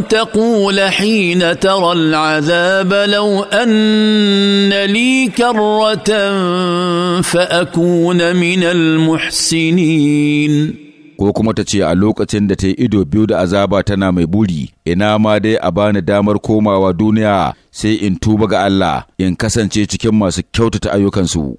تقول حين ترى العذاب لو أن لي كرة فأكون من المحسنين ko kuma ta ce a lokacin da ta yi ido biyu da azaba tana mai buri ina ma dai a bani damar komawa duniya sai in tuba ga Allah in kasance cikin masu kyautata ayyukansu